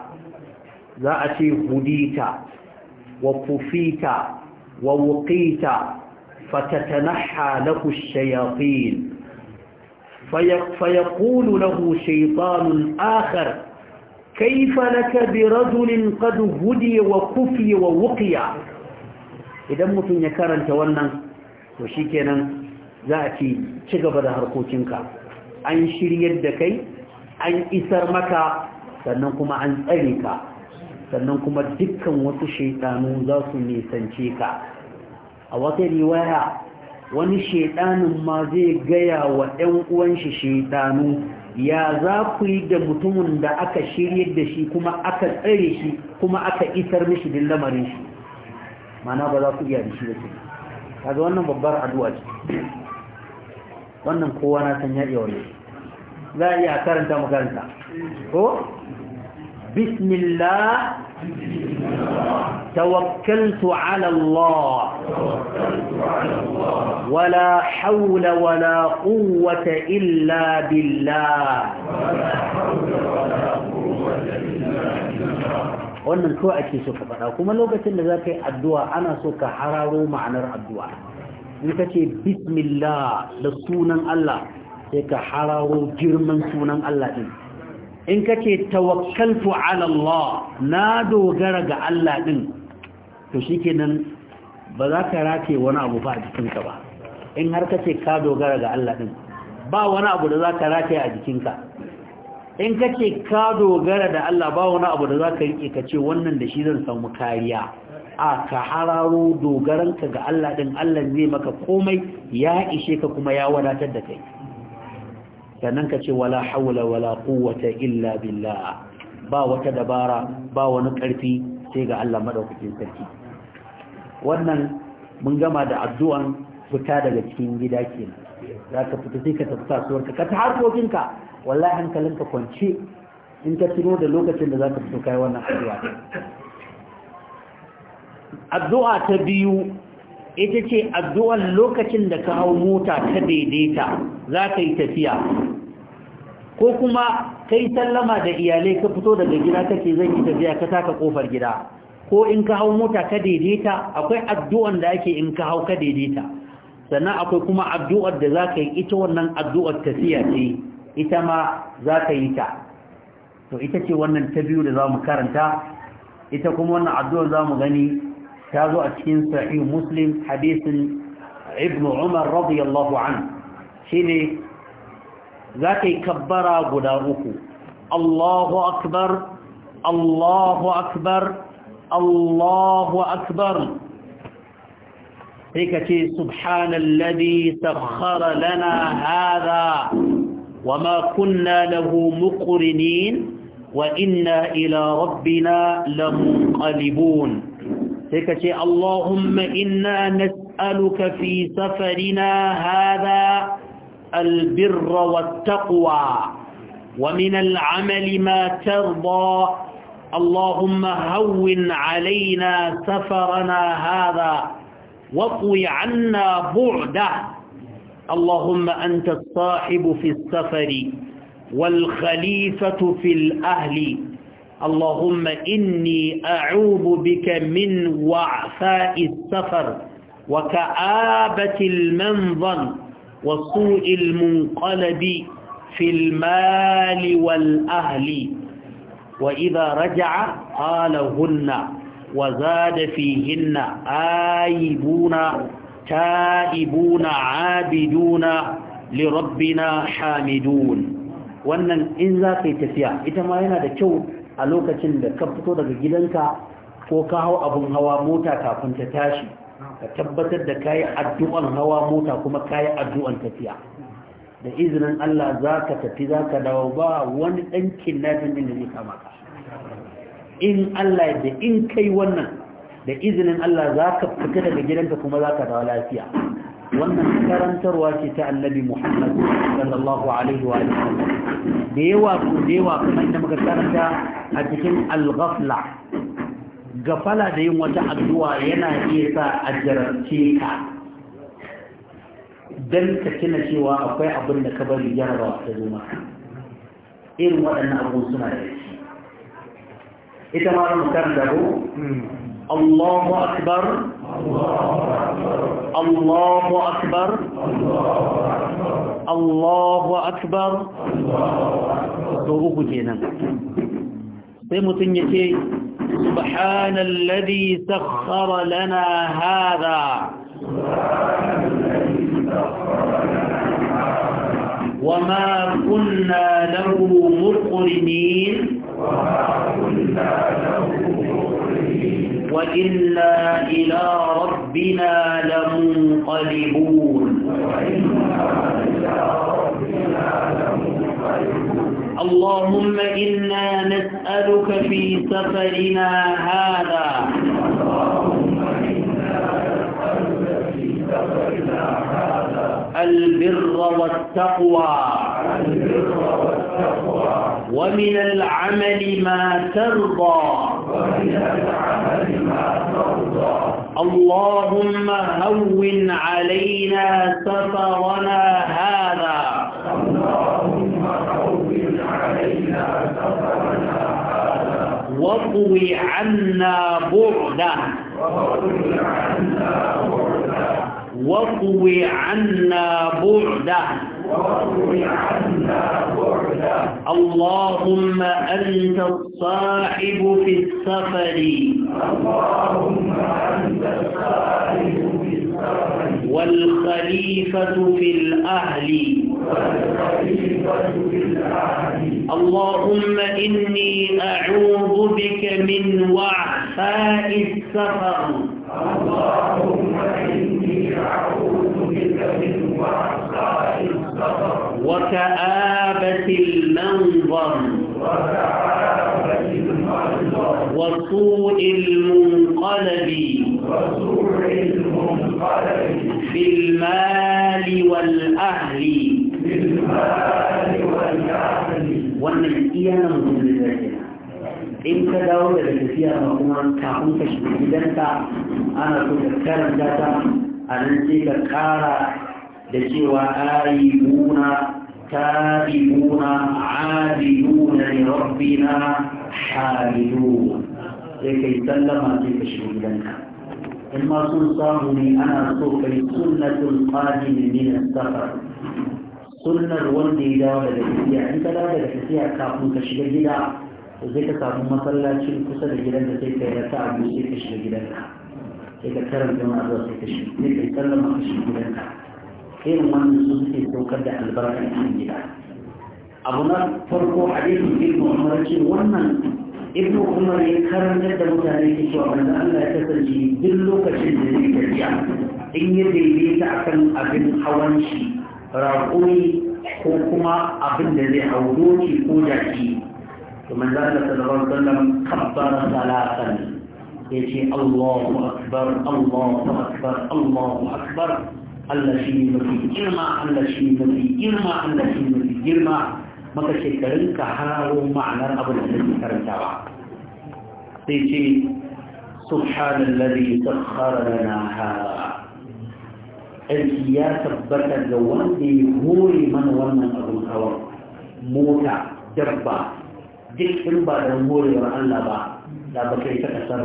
ذاتي هديتا وكفيتا ووقيتا فتتنحى له الشياطين فيقول له شيطان آخر كيف لك برجل قد هدي وكفي ووقي idan mutum ya karanta wannan to shi kenan za a ci ci gaba da harkokinka an shiryar da kai an isar maka sannan kuma an tsare ka sannan kuma dukkan wasu shaidanu za su nisance ka a wata riwaya wani shaidanin ma zai gaya wa ɗan uwanshi shaidanu ya za ku yi da mutumin da aka shiryar da shi kuma aka tsare shi kuma aka isar mishi din lamarin shi mana ba za ku iya da shi da ke kaga wannan babbar addu'a ce wannan kowa na san ya iya wannan za a iya karanta makaranta ko bismillah توكلت على الله ولا حول ولا قوة إلا بالله wannan kawai ake so ka faɗa kuma lokacin da za ka yi addu'a ana so ka hararo ma'anar addu'a in ka ce bismillah da sunan Allah sai ka hararo girman sunan Allah ɗin in ka ce tawakkaltu ala Allah na dogara ga Allah ɗin to shi kenan ba za ka rataye wani abu ba a jikinka ba in har ka ce ka dogara ga Allah ɗin ba wani abu da za ka rataye a jikinka in ka ce ka dogara da Allah ba wani abu da za ka riƙe ka ce wannan da shi zan samu kariya a ka hararo dogaranka ga Allah ɗin Allah zai maka komai ya ishe ka kuma ya wadatar da kai sannan ka ce wala haula wala quwwata illa billah ba wata dabara ba wani ƙarfi sai ga Allah madaukakin sarki wannan mun gama da addu'an fita daga cikin gida kenan ka fita sai ka tafi kasuwarka ka ta harkokinka wallahi hankalinka kwance in ka tuno da lokacin da za ka fito kai wannan addu'a addu'a ta biyu ita ce addu'ar lokacin da ka hau mota ta daidaita za ka yi tafiya ko kuma ka yi sallama da iyalai ka fito daga gida ka ce zan yi tafiya ka taka kofar gida ko in ka hau mota ka daidaita akwai addu'an da ake in ka hau ka daidaita sannan akwai kuma addu'ar da za ka yi ita wannan addu'ar tafiya ce ita ma za ka yi ta to ita ce wannan ta biyu da za mu karanta ita kuma wannan addu'ar za mu gani ta zo a cikin sahih muslim hadisin ibn umar radiyallahu an shi ne za ka yi kabbara guda uku allahu akbar allahu akbar allahu akbar sai ka ce subhanalladhi sakhkhara lana hadha وما كنا له مقرنين وإنا إلى ربنا لمنقلبون تكتي اللهم إنا نسألك في سفرنا هذا البر والتقوى ومن العمل ما ترضى اللهم هون علينا سفرنا هذا واطوي عنا بعده اللهم أنت الصاحب في السفر والخليفة في الأهل اللهم إني أعوذ بك من وعفاء السفر وكآبة المنظر وسوء المنقلب في المال والأهل وإذا رجع قالهن وزاد فيهن آيبون ta'ibuna abiduna li rabbina hamidun wannan in za ka yi tafiya ita ma yana da kyau a lokacin da ka fito daga gidanka ko ka hau abun hawa mota kafin ta tashi ka tabbatar da kayi addu'an hawa mota kuma kayi addu'an tafiya da izinin Allah za ka tafi za ka dawo ba wani ɗankin kidnapping da zai kama ka in Allah da in kai wannan da izinin Allah za ka fita daga gidanka kuma za ka dawo lafiya wannan karantarwa ce ta annabi Muhammad sallallahu alaihi wa sallam da yawa ko da yawa kuma inda muka karanta a cikin al-ghafla gafala da yin wata addu'a yana iya sa a jarabce ka dan ka kina cewa akwai abin da ka bari jarabawa ta zo maka irin waɗannan abubuwan suna da shi ita ma ran karanta ko hmm. الله أكبر الله أكبر الله أكبر دوغو kenan sai mutun سبحان الذي سخر لنا هذا وما كنا له مقرنين وما كنا له وإنا إلى ربنا لمنقلبون اللهم إنا نسألك في سفرنا هذا البر والتقوى ومن العمل ما ترضى ومن العمل اللهم هون علينا سفرنا هذا واطو عنا بعده واطو عنا بعده اللهم أنت الصاحب في السفر اللهم أنت الصاحب في السفر والخليفة في الأهل والخليفة في الأهل اللهم إني أعوذ بك من وعثاء السفر اللهم إني أعوذ بك من وعثاء السفر وكآبة المنظر وسوء المنقلب في المال والأهل wannan iya nan mutum da zai in ka dawo daga tafiya ma kuma kafin ka shiga gidanka ana so ka karanta ta a nan sai ka kara da cewa ayyuna tabiuna abiduna li rabbina hamiduna sai kai sallama ce ka shigo gidanka in ma sun samu ne ana so kai sunnatul qadim min as-safar sunnar wanda ya dawo daga tafiya in ka dawo daga tafiya kafin ka shiga gida to zai ka samu masallacin kusa da gidan da sai ka yi ta abu sai ka shiga gidanka sai ka karanta ma zuwa sai ka shiga sai ka sallama ka shiga gidanka irin wannan su suke saukar da albarka a gida abu na farko hadisin ibnu umar ce wannan ibnu umar ya karantar da mutane ke cewa manzo Allah ya kasance duk lokacin da zai tafiya in ya daidaita akan abin hawan shi raƙuri ko kuma abin da zai hau doki ko jaki to manzo Allah sallallahu alaihi wasallam kabbara salatan yace Allahu akbar Allahu akbar Allahu akbar Allah shi ne mafi girma Allah shi ne mafi girma Allah shi ne mafi girma maka shekarun ka hararo ma'anar abin da kake karantawa sai ce subhanallazi sakhkhara lana hada aiki ya tabbata ga wanda ya hore mana wannan abin kawar mota dabba duk in ba da horewar Allah ba da ba kai ta kasar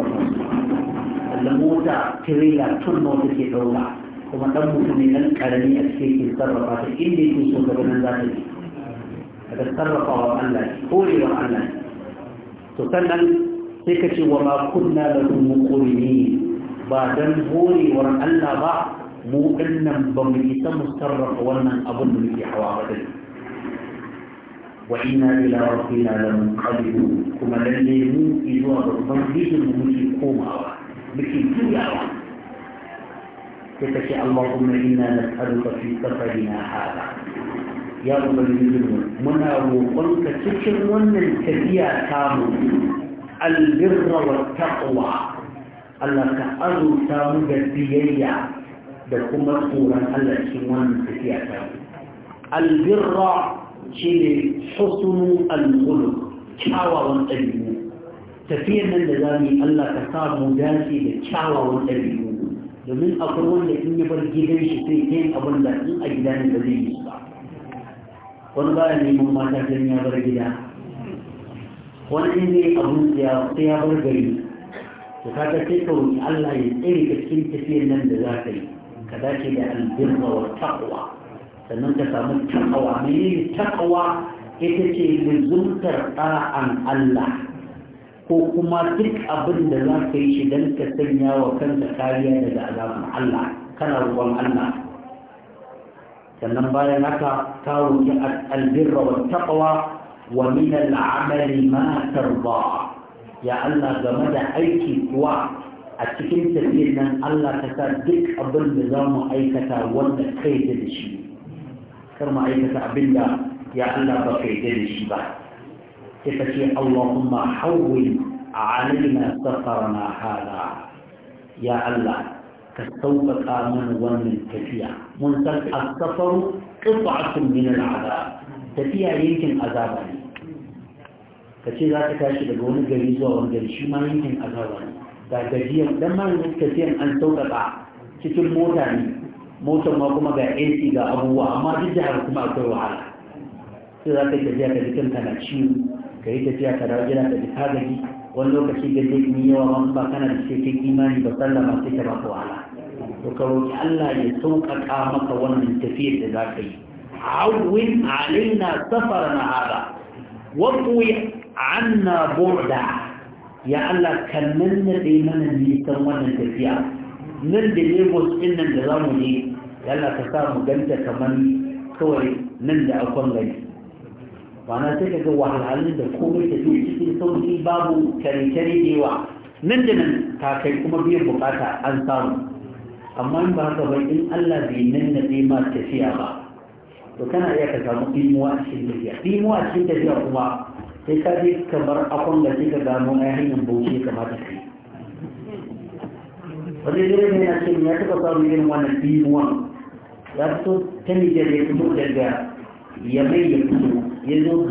da mota tirela tun mota ke ɗauka kuma ɗan mutumin nan ƙarami a cikin ke sarrafa ta inda yake so gaba nan za ta yi daga sarrafa wa Allah ne korewa Allah ne to sannan sai ka ce wa ma kunna da mu muqrini ba dan horewar Allah ba mu dinnan ba mu isa mu sarrafa wannan abin da muke hawa ba dai wa inna ila rabbina lamunqalibun kuma lalle mu zuwa babban bijin mu muke komawa muke juyawa تتكي اللهم إنا نسألك في سفرنا هذا يا رب العالمين منا وقلت تشر من الكبيا تامو البر والتقوى الله تعالو تامو جديا دكما قولا الله شمان الكبيا تامو البر شيل حسن الخلق شاوى وانتبهوا تفيرنا لذلك الله تعالو داسي لشاوى وانتبهوا domin akwai wanda in ya bar gidan shi sai kai abin da in a gida ne ba zai yi ba wani ba ya neman mata don ya bar gida wani in zai abin sai ya bar gari to ta sai ka wuce Allah ya tsere ka cikin tafiyar nan da za ka yi ka dace da albirma wa taqwa sannan ka samu taqwa menene taqwa ita ce luzumtar ɗa'an Allah ko kuma duk abin da za ka yi shi don ka sanya wa kanka kariya daga azabin Allah kana ruwan Allah sannan bayan haka ka roƙi albirra wa taqwa wa min al'amali ma tarda ya Allah game da aiki kuwa a cikin tafiyar nan Allah ka sa duk abin da za mu aikata wanda kai da shi kar mu aikata abin da ya Allah ba kai da shi ba sai ka ce Allahumma hawwin alaina safarna hada ya Allah ka sauƙaƙa mana wannan tafiya mun san as-safaru qit'atun min al-'adab tafiya yankin azaba ne ka ce za ka tashi daga wani gari zuwa wani gari shi ma yankin azaba ne ga gajiyar dan ma yanzu tafiyan an sauƙaƙa cikin mota ne motar ma kuma ga AC ga abubuwa amma duk jihar kuma akwai wahala sai za ka yi tafiya ka jikin kana ciwo ka yi tafiya ka dawo gida ka ji ka wani lokaci da zai yi yawa ma ba kana da shekin imani ba sallama sai ta baka wahala to ka roki Allah ya sauƙaƙa maka wannan tafiyar da za ka yi awwin alaina na hada waɗuwi anna burda ya Allah kan nan na mana nisan wannan tafiya nan da lagos ɗin nan da za mu je ya Allah ka sa mu ganta kamar kawai nan da akwai gani ma'ana sai kaga wahalhalun da komai ta fi cikin sauki babu kare-kare da yawa nan da nan ta kai kuma biyan bukata an samu amma in ba haka bai in Allah bai nan da ma tafiya ba to kana iya ka samu ɗimuwa a cikin tafiya ɗimuwa a cikin tafiya kuma sai ka je kamar akon da sai ka gano ai hanyar bauchi kamata ka yi wani zai ne na ce ya taɓa samun irin wannan ɗimuwa ya fito ta nijar ya fito daga ya mai ya fito ya zo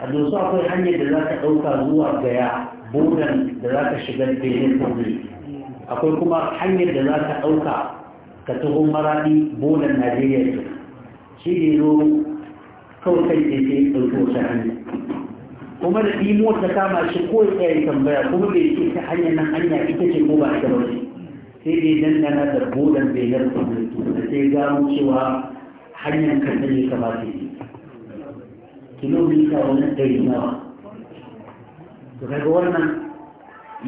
a dusu akwai hanyar da za ka ɗauka zuwa gaya bodan da za ka shiga benin kogi akwai kuma hanyar da za ka ɗauka ka taho maraɗi bodan najeriya ce shi ne zo kawai kai ke ke ɗauki hanyar kuma da ɗimo ta kama shi ko tsaye tambaya kuma bai ce ta hanyar nan hanya ita ce ko ba ita ba ce sai dai dandana da bodan benin kogi da sai gano cewa hanyar kan ne kamata yi kilomita wani ɗari nawa to kaga wannan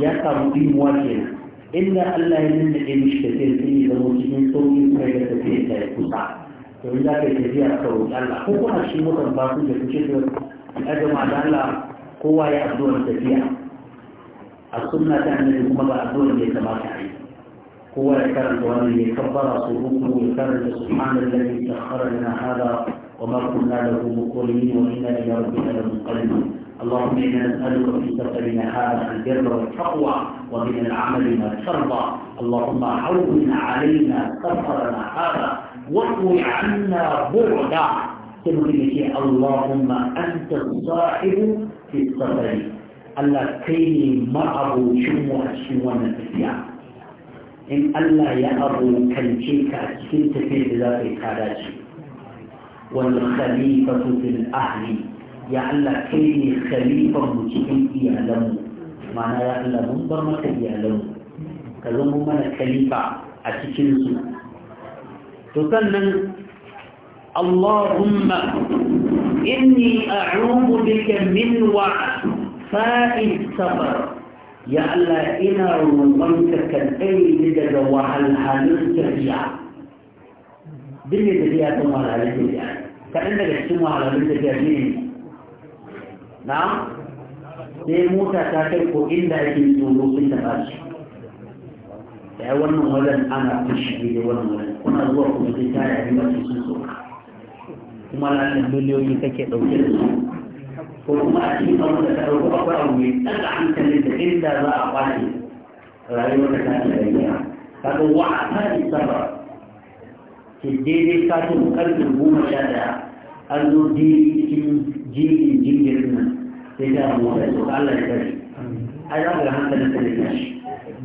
ya samu imuwa kenan inda Allah ya nuna da mishi tafiyar sun yi zama cikin sauƙi kuma ya tafiya ta ya kusa to in za ka yi tafiya ka roƙi Allah ko kuma shi mukan ba su da kuce da ajama da Allah kowa ya addu'ar tafiya a sunna ta annabi kuma ba addu'ar da ya kamata a yi kowa ya karanta wannan ya kabbara su uku ya karanta subhanallahi sakhara lana hada وما كنا له مقرنين وإنا إلى ربنا لمنقلبون اللهم إنا نسألك في سفرنا هذا البر والتقوى ومن العمل ما ترضى اللهم عون علينا سفرنا هذا واقو عنا بعدا تمكنك اللهم أنت الصاحب في السفر الا كيني ما ابو a cikin wannan ان الله يا ابو abokance ka a cikin tafiyar والخليفة في الأهل يعلى الله خليفة مجيئين يعلم معنى يعلم منظر منبر يعلم إيالهم كلمه من خليفة أتكين تسنن اللهم إني أعوذ بك من وعد فائد سفر يعلى إنا رومانك كالأي لدى وعلى الحالين تبيعك duk mai tafiya kan wahalalun tafiya kaɗan daga cikin wahalalun tafiya ne na sai mota ta kai ko inda ake tsoro sun taɓa shi da wannan wajen ana fushi da wannan wajen kuna zuwa kuma sai tare a yi masu sun soka kuma lalata miliyoyi kake ɗauke da su ko kuma a cikin abin da ta ɗauko akwai abu mai ɗaga hankalin da inda za a kwace rayuwar da ta ta rayuwa kaga wa a ta isa ba ke daidai katin karfe goma sha daya an zo daidai cikin jirgin jirgin nan sai ta mota so Allah ya kare ai za ka hankalin ka da tashi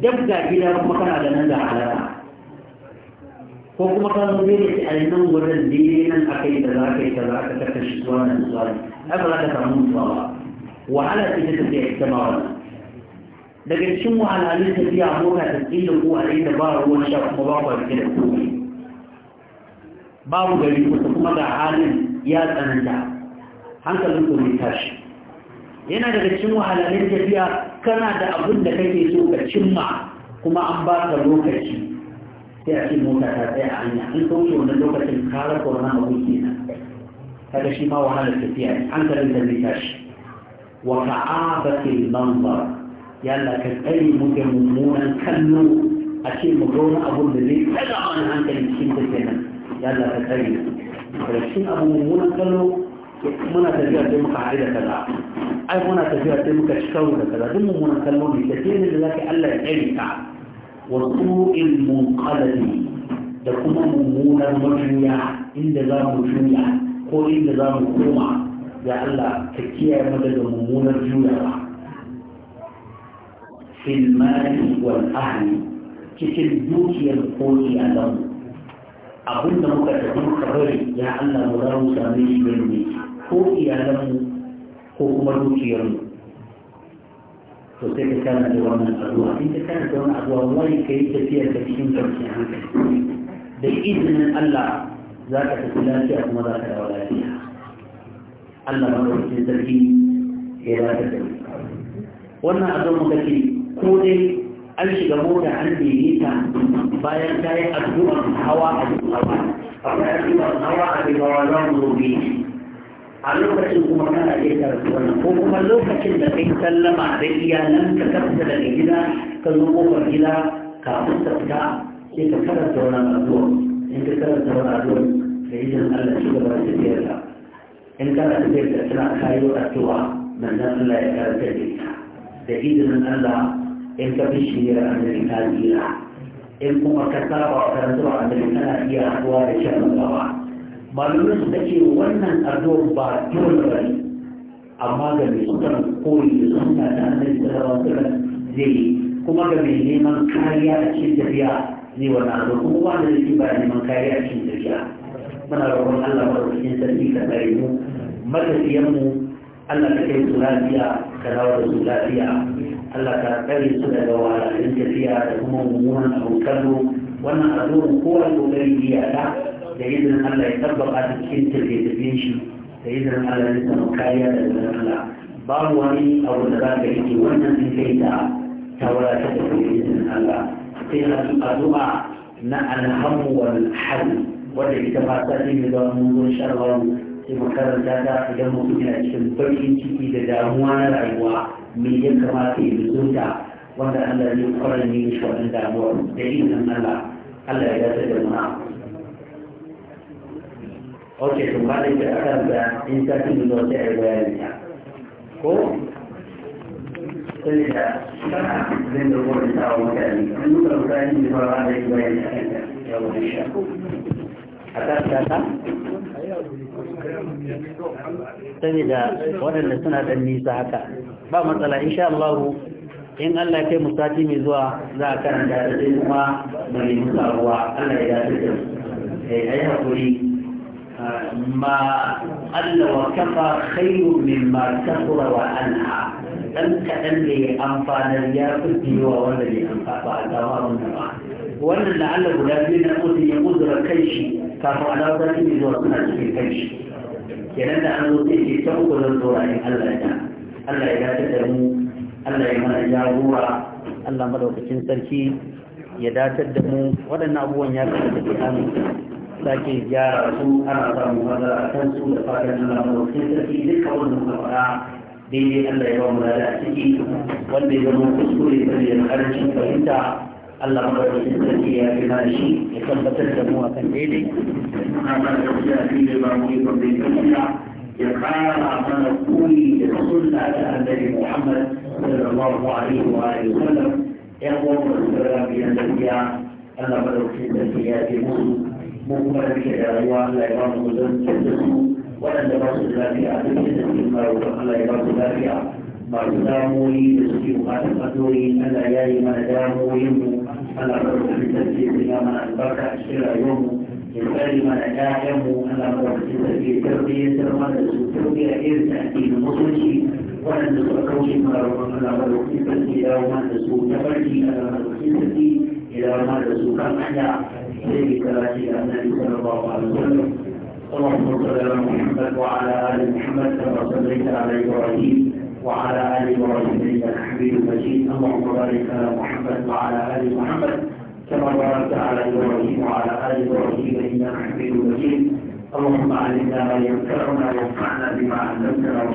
dab ga gida kuma kana da nan da halaka ko kuma ka zo daidai a nan wajen daidai nan aka yi da za ka yi da za ka kaka shi zuwa nan zuwa ai ba za ka samu mutuwa ba wahala ce ta tafiya ita ma wannan daga cikin wahalhalun tafiya mota ta tsilla ko a inda ba ruwan sha kuma ba kwa da komai babu gari kusa kuma da halin ya tsananta hankalin ku ne tashi yana daga cikin wahalalin tafiya kana da abin da kake so ka cimma kuma an ba ka lokaci sai a ce mota ta tsaya a hanya in kauce wannan lokacin ka rasa wannan kenan kaga shi ma wahalar tafiya ne hankalin da zai tashi wa ka'abatil manzar yalla ka tsare mu mummunan kallo a ce mu ga wani abun da zai tsaga mana hankali cikin tafiya nan dalla ta kare da cikin abu mummunan kallo muna tafiya sai muka haɗu da kaza ai muna tafiya sai muka ci karo da kaza duk mummunan kallo ne tafiya ne da zaka Allah ya tsare ka wa su'il munqalabi da kuma mummunan majuya inda za mu juya ko inda za mu koma ya Allah ka kiyaye mu daga mummunan juyawa fil mali wal ahli cikin dukiyar a zamu. abin da muka tafi muka bari ya Allah mu za mu same shi da ne ko iyalanmu ko kuma dukiyarmu to sai ka kana da wannan addu'a in ka kana da wannan addu'a wani kai tafiya ta cikin kwanciyar hankali da izinin Allah za ka tafi lafiya kuma za ka dawo lafiya Allah ma ɗauki sarki ya ba dace tafi. wannan addu'a muka ce ko dai an shiga mota an bege ta bayan ta yi addu'ar hawa a duk hawa akwai addu'ar hawa a duk hawa za mu zo a lokacin kuma kana iya karatuwa ko kuma lokacin da kai sallama da iyalan ka kafta daga gida ka zo kofar gida kafin ka fita sai ka karanta wannan addu'a in ka karanta wannan addu'a da izinin Allah shi gaba da tafiyar ka in kana tafiyar ka tana kayo addu'a manzon Allah ya karanta da ita da izinin Allah in ka fi shirya annabi ka tsira in kuma ka saba ka zuwa annabi kana iya haɗuwa da shan gawa malumin su take wannan addu'ar ba dole ba ne amma ga mai sukan koyi da suna da annabi sallallahu alaihi wasallam zai yi kuma ga mai neman kariya a cikin tafiya zai wani abu kuma da zai ba neman kariya a cikin tafiya muna roƙon Allah cikin sarki ka tsare mu matafiyanmu mu Allah ka kai su lafiya ka dawo da su lafiya Allah ta kare su daga wahalhalun tafiya da kuma mummunan abin kallo wannan azurin kowa kokari biya ta da izinin Allah ya tabbata da cikin tafiye-tafiyen shi da izinin Allah ya samu kariya da izinin Allah babu wani abu da za ka yi wannan sun kai ta tawara ta tafi da izinin Allah sai addu'a na alhamu wal hal wanda ita ba ta ce da mun zo sharwa sai makaranta ta idan mutum yana cikin bakin ciki da damuwa na rayuwa me ya kamata ya zo da wanda Allah zai kwarar ne shi wannan damuwar da izinin Allah Allah ya dace da mu ok to malin da aka da in ta ci da wata ya bayani ta ko sai da kana zan da wani tawo mutane in ka mutane ne ba za da bayani a kan ta ya wani Allah a ta ta saboda waɗanda suna ɗan nisa haka ba matsala insha Allah in Allah kai mu sati mai zuwa za a karanta da sai kuma mai nemi sabuwa Allah ya dace da eh, a ai hakuri ah, ma Allah wa kafa khairu mimma kasura wa anha dan kaɗan da ya amfanar ya fi biyuwa wanda bai amfana ba a gama wannan ba wannan da allah guda biyu na mutum ya uzura kai shi kafin alawar da zuwa suna cikin kai shi kenan da an zo sai ke ta uku zan zo ra'ayin Allah ya Allah ya dace da mu Allah ya mana jagora Allah madaukakin sarki ya datar da mu waɗannan abubuwan ya kamata da an sake gyara su ana samun matsala a kan su da fatan Allah madaukakin sarki duka wannan muka daidai Allah ya ba mu da a ciki wanda ya zama kuskure da ya karancin fahimta Allah madaukakin sarki ya fi shi ya tabbatar da mu akan daidai na ba da shi a fili ba mu yi kwamfani gaskiya ya kara mana kuri da sunna da annabi Muhammad sallallahu alaihi wa alihi wasallam ya kuma da biyan gaskiya Allah madaukakin sarki ya fi mu mu kuma da muke da rayuwa Allah ya ba mu gudun da su waɗanda ba su lafiya a duk da suke mara Allah ya ba su lafiya masu damoyi da suke bukatar addu'o'i Allah ya yi mana damoyin mu ألا بروح التذكير إلى ما أدبرك أشكر يوم يقال ما نجاه يوم ألا بروح التذكير تربية سرما لسو تربية إذ تأتي المطلشي وأن تتركوش ما روح ألا بروح التذكير إلى ما لسو تبرجي ألا بروح التذكير إلى ما لسو كمحيا إليه تراجي أن نبي صلى الله عليه وسلم اللهم صل على محمد وعلى آل محمد كما صليت على ابراهيم وعلى آل إبراهيم إنك حميد مجيد اللهم بارك على محمد وعلى آل محمد كما باركت على إبراهيم وعلى آل إبراهيم إنك حميد مجيد اللهم علمنا ما ينفعنا وانفعنا بما علمتنا